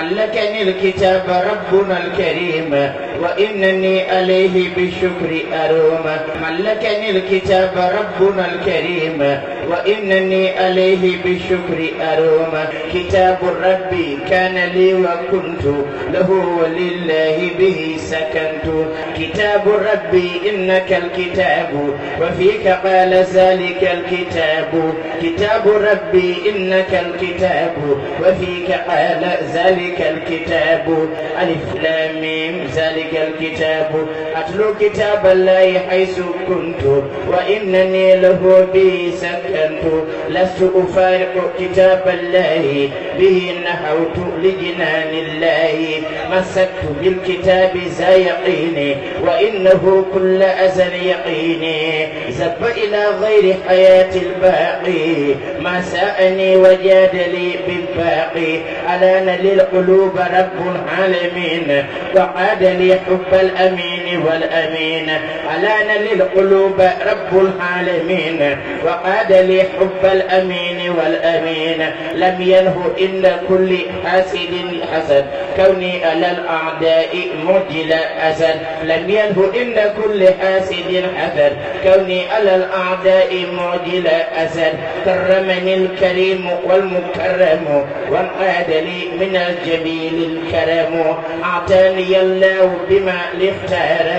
ملكني الكتاب ربنا الكريم وإنني عليه بالشكر أروم ملكني الكتاب ربنا الكريم وإنني عليه بالشكر أروم كتاب ربي كان لي وكنت له ولله به سكنت كتاب ربي إنك الكتاب وفيك قال ذلك الكتاب كتاب ربي إنك الكتاب وفيك قال ذلك الكتاب ألف لام ذلك الكتاب أتلو كتاب الله حيث كنت وإنني له به سكنت لست أفارق كتاب الله به نحوت لجنان الله مسكت بالكتاب ذا يقيني وإنه كل أزل يقيني زب إلى غير حياة الباقي ما سأني وجاد لي بالباقي ألان للقلوب رب العالمين وعاد زادني حب الأمين والأمين علان للقلوب رب العالمين وقاد لي حب الأمين والأمين لم ينه إلا كل حاسد حسد كوني على الأعداء مجل أسد لم ينه إلا كل حاسد حسد كوني على الأعداء معجل أسد كرمني الكريم والمكرم وانقاد لي من الجميل الكرم أعطاني الله بما لاختار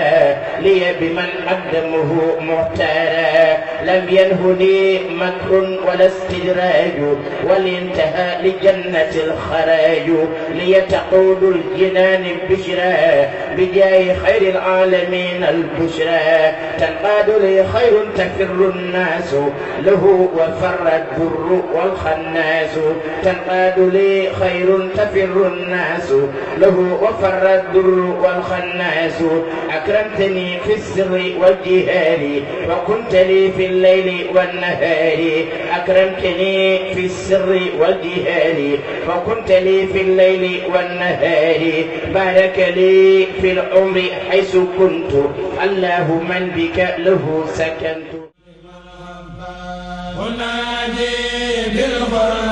لي بمن قدمه مختارا لم ينهني مكر ولا استجرام الفراج والانتهاء لجنة الخراج ليتقول الجنان بشرى بجاه خير العالمين البشرى تنقاد لي خير تفر الناس له وفر الدر والخناس تنقاد لي خير تفر الناس له وفر الدر والخناس أكرمتني في السر والجهار وكنت لي في الليل والنهار أكرمتني في السر والجهار وكنت لي في الليل والنهار بارك لي بالعمر حيث كنت الله من بك له سكنت أنادي بالغرب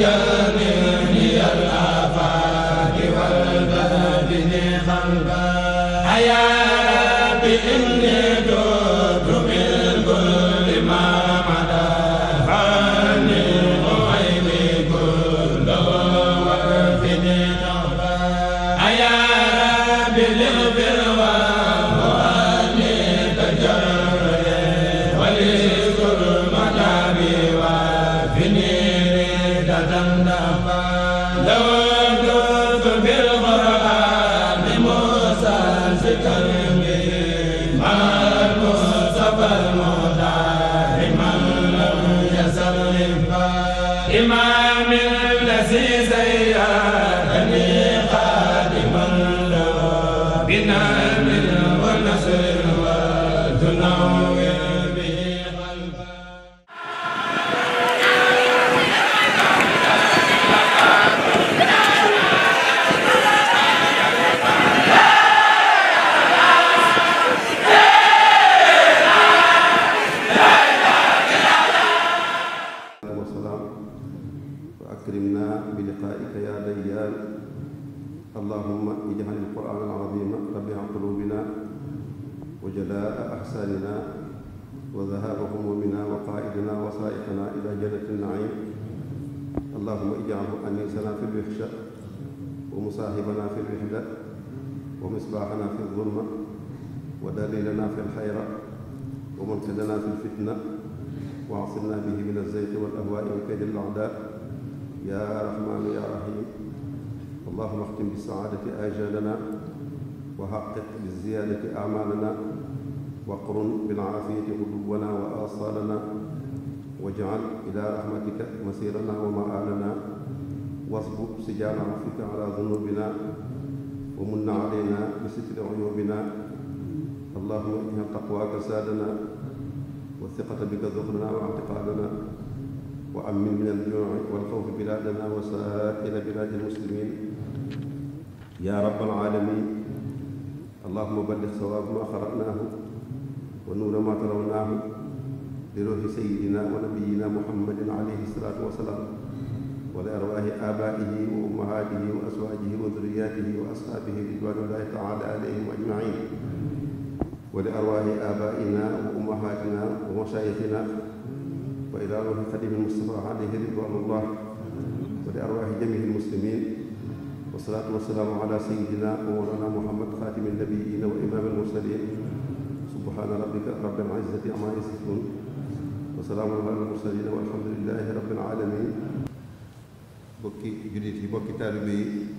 ya imaam أكرمنا بلقائك يا ديان اللهم اجعل القرآن العظيم ربيع قلوبنا وجلاء أحساننا وذهاب همومنا وقائدنا وسائقنا إلى جنة النعيم اللهم اجعله أنيسنا في الوحشة ومصاحبنا في الوحدة ومصباحنا في الظلمة ودليلنا في الحيرة ومنقذنا في الفتنة وعصمنا به من الزيت والأهواء وكيد الأعداء يا رحمن يا رحيم اللهم اختم بالسعادة آجالنا وحقق بالزيادة أعمالنا وقرن بالعافية غدونا وآصالنا واجعل إلى رحمتك مسيرنا ومآلنا واصبب سجال عفوك على ذنوبنا ومن علينا بستر عيوبنا اللهم اجعل تقواك سادنا والثقة بك ذخرنا واعتقادنا وأمن من الجوع والخوف بلادنا وسائر بلاد المسلمين يا رب العالمين اللهم بلغ صواب ما قرأناه ونور ما تلوناه لروح سيدنا ونبينا محمد عليه الصلاة والسلام ولأرواح آبائه وأمهاته وأزواجه وذرياته وأصحابه رضوان الله تعالى عليهم أجمعين ولأرواح آبائنا وأمهاتنا ومشايخنا وإلى روح خديم المصطفى عليه رضوان الله ولأرواح جميع المسلمين والصلاة والسلام على سيدنا ومولانا محمد خاتم النبيين وإمام المرسلين سبحان ربك رب العزة عما يصفون وسلام على المرسلين والحمد لله رب العالمين بكي jullit بكي تالبي taalibe yi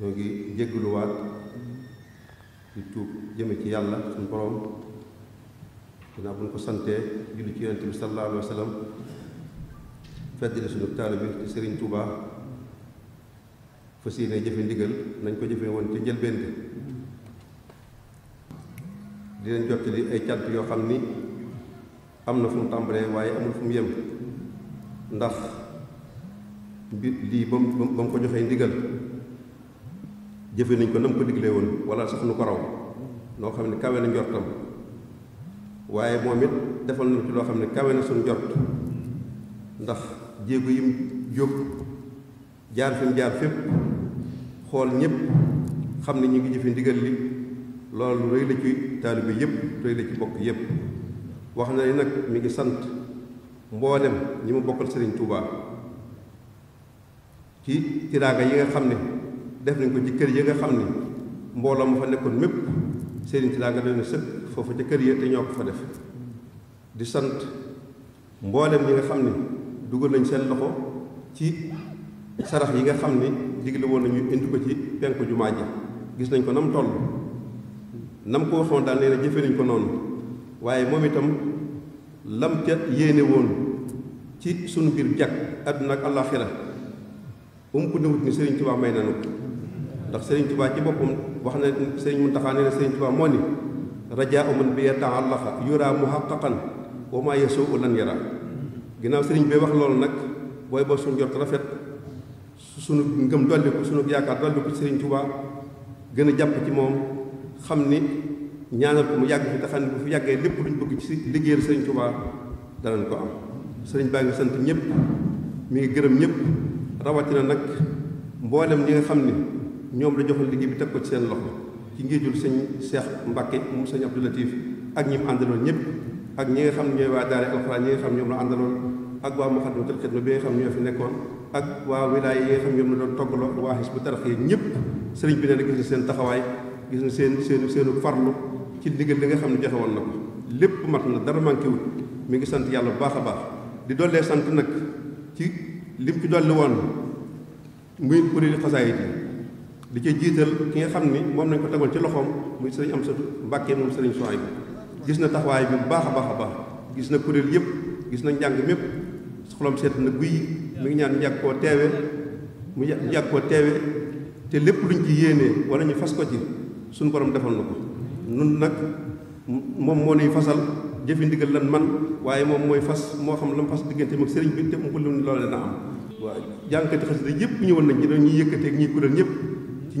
ñoo ngi jéggluwaat di ginnaaw bu ñu ko santee julli ci yonent bi sallallahu alayhi wa sallam suñu taalibe bi ci Sëriñ Tuubaa fas yéene jëfe ndigal nañ ko jëfe woon ci njëlbeen bi dinañ jottali ay cant yoo xam ni am na fu mu tàmbalee waaye amul fu mu yem ndax mbir lii ba mu ba mu ko joxee ndigal jëfe nañ ko nam ko diglee woon wala sax nu ko raw noo xam ne kawe na njortam waaye moom it defal nañu ci loo xam ne kawe na suñu jot ndax jéego yim jóg jaar fi jaar fépp xool ñëpp xam ne ñu ngi jëfe ndigal li loolu rëy la ci taalibe yëpp rëy la ci bokk yëpp wax na ni nag mi ngi sant mboolem ñi mu bokkal Serigne Touba ci tiraanga yi nga xam ne def nañ ko ci kër yi nga xam ne mbooloo ma fa nekkoon mépp Serigne tiraanga doy na sëpp foofu ca kër ya te ñoo ko fa def di sant mboolem ñi nga xam ne dugal nañ seen loxo ci sarax yi nga xam ne digle woon nañu indi ko ci penku jumaa ji gis nañ ko nam toll nam ko waxoon daal nee na jëfe nañ ko noonu waaye moom itam lam ca yéene woon ci sunu biir jàkk àdduna ak àllaaxira um ko néwut ni Sëriñ Tuubaa may nanu ndax Sëriñ Tuubaa ci boppam wax na Sëriñ Muntaxaa nee na Sëriñ Tuubaa moo ni rajaa man bi yataallaqa yura muhaqqaqan wa maa yasuu lan yara ginnaaw sëriñ bi wax loolu nag booy boo suñu jot rafet suñu ngëm dolli suñu yaakaar dolli ko sëriñ Tuubaa gën a jàpp ci moom xam ni ñaanal ko mu yàgg fi te xam bu fi yàggee lépp luñ bëgg ci liggéeyal sëriñ Tuubaa danañ ko am sëriñ baa ngi sant ñëpp mu ngi gërëm ñëpp rawatina nag mboolem ñi nga xam ni ñoom la joxoon liggéey bi teg ko ci seen loxo ci ngéejul sëñ Cheikh Mbacke mu sëñ Abdou Latif ak ñi mu àndaloon ñëpp ak ñi nga xam ne ñooy waa daara alxuraan ñi nga xam ñoom la àndaloon ak waa Moukhaddamatoul Khidma bi nga xam fi nekkoon ak waa wilaaya yi nga xam ñoom la doon toggaloo waa Hizbut Tarqiyyah ñëpp sëriñ bi nee na gis na seen taxawaay gis na seen seen seenu farlu ci ndigal li nga xam ne joxe woon na ko lépp mat na dara manqué wut mi ngi sant yàlla bu baax a baax di dollee sant nag ci lim ci dolli woon muy kuréeli xasaayit yi di ci jiital ki nga xam ni moom nañ ko tegoon ci loxoom muy sëriñ am satu Mbàkke moom sëriñ Suwaay bi gis na taxawaay bi bu baax a baax a baax gis na kuréel yëpp gis na njàng mépp xolom seet na guy mi ngi ñaan njàg koo teewe mu njàg koo teewe te lépp luñ ci yéenee wala ñu fas ko ci suñ borom defal na ko nun nag moom moo nuy fasal jëfi ndigal lan man waaye moom mooy fas moo xam la mu fas diggante moom sëriñ bi te mu ko lu loolee na am waaw jàngkati yëpp ñëwoon nañ ci dañuy yëkkateeg ñuy kuréel ñëpp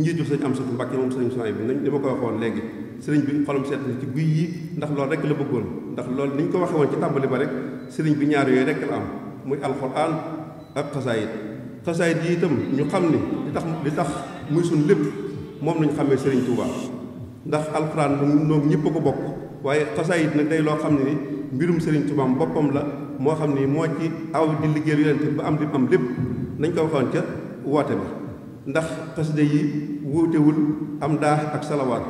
ci njiitu sëñ am satu Mbàkke moom sëriñ Souhaïbou bi nañ li ma ko waxoon léegi sëriñ bi xolam seet na ci guy yi ndax loolu rek la bëggoon ndax loolu ni ñu ko waxe woon ci tàmbali ba rek sëriñ bi ñaar yooyu rek la am muy alxuraan ak xasaayit xasaayit yi itam ñu xam ni li tax li tax muy suñ lépp moom lañ xamee sëriñ Touba ndax alxuraan noom ñëpp a ko bokk waaye xasaayit nag day loo xam ne ni mbirum sëriñ Touba boppam la moo xam ni moo ci aw di liggéey yonente ba am di am lépp nañ ko waxoon ca woote ba ndax xasida yi wuutewul am daax ak salawaat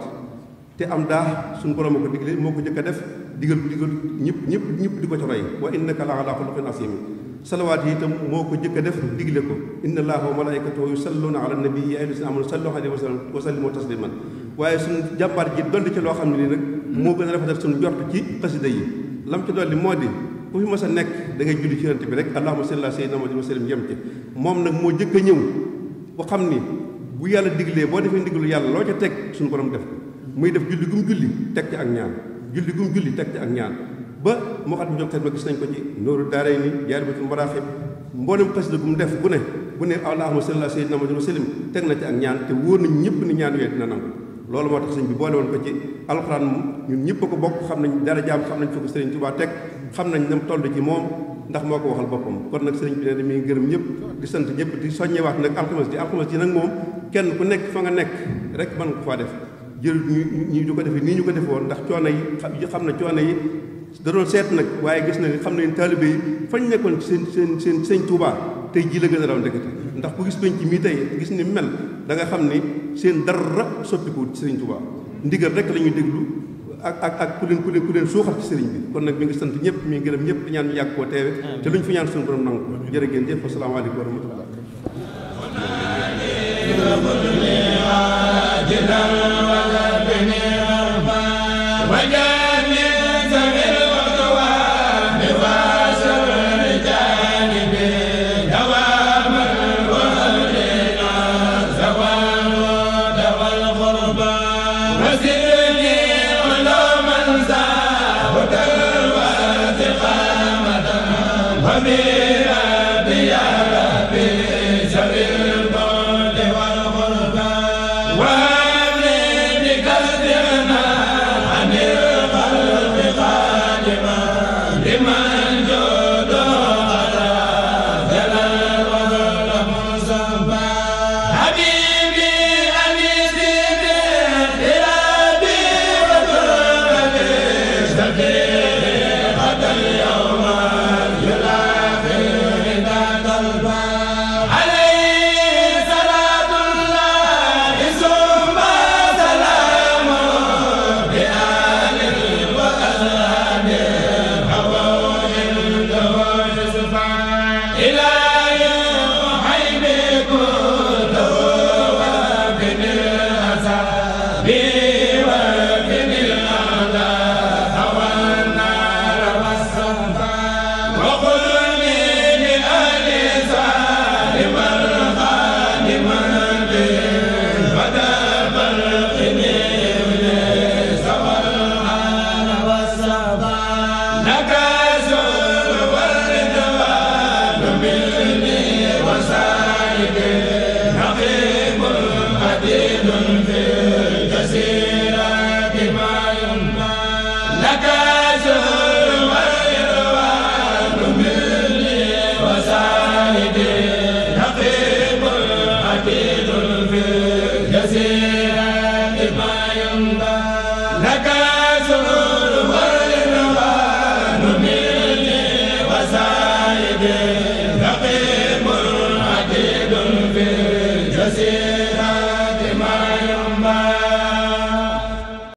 te am daax suñu borom moo ko digle moo ko jëkk a def digal digal ñëpp ñëpp ñëpp di ko ci roy wa innaka la ala xuluqin asim salawaat yi itam moo ko jëkk a def digle ko inna allaha wa malaikatahu yusalluna ala nabi ya ayyuha allazina amanu sallu alayhi wa sallimu tasliman waaye suñu jàmbaar ji donte ci loo xam ne nii nag moo gën a rafetal suñu jort ci xasida yi lam ci dolli moo di ku fi mës a nekk da ngay julli ci yonent bi rek allahumma salli ala sayyidina muhammad wa sallim yem ci moom nag moo jëkk a ñëw ku xam ni bu yàlla diglee boo defee ndigalu yàlla loo ca teg suñu borom def muy def julli gum julli teg ci ak ñaan julli gum julli teg ci ak ñaan ba moo xam ne ñoom xel ba gis nañ ko ci nooru daaray ni jaar batul maraaxib mboolem xasida gum def bu ne bu ne allahumma salli ala sayyidina muhammad wa sallim teg na ci ak ñaan te wóor nañ ñëpp ni ñaan yooyu dina na loolu moo tax sëñ bi boole woon ko ci alxuraan ñun ñëpp a ko bokk xam nañu dara jaam xam nañ fi ko sëriñ Tuubaa teg xam nañ nam toll ci moom ndax moo ko waxal boppam kon nag sëriñ bi nee na gërëm ñëpp di sant ñëpp di soññewaat nag alxames ji alxames ji nag moom kenn ku nekk fa nga nekk rek mën ko faa def jël ñu ñu ko defee nii ñu ko defoon ndax coono yi xam na coono yi da seet nag waaye gis na xam nañ taalibe yi fañ nekkoon seen seen seen sëñ tuubaa tey jii la gën a raw ndekete ndax ku gis bañ ci mii tey gis ni mel da nga xam ni seen dara soppiku sëriñ Touba ndigal rek la déglu ak ak ak ku leen ku leen ku ci sëriñ bi kon nag mi ngi sant ñëpp mi ngi gërëm ñëpp di ñaan ñu yàgg koo teewe te lu ñu fi ñaan suñu borom nangu ko jërë ngeen jëf asalaamaaleykum wa rahmatullah alhamira biya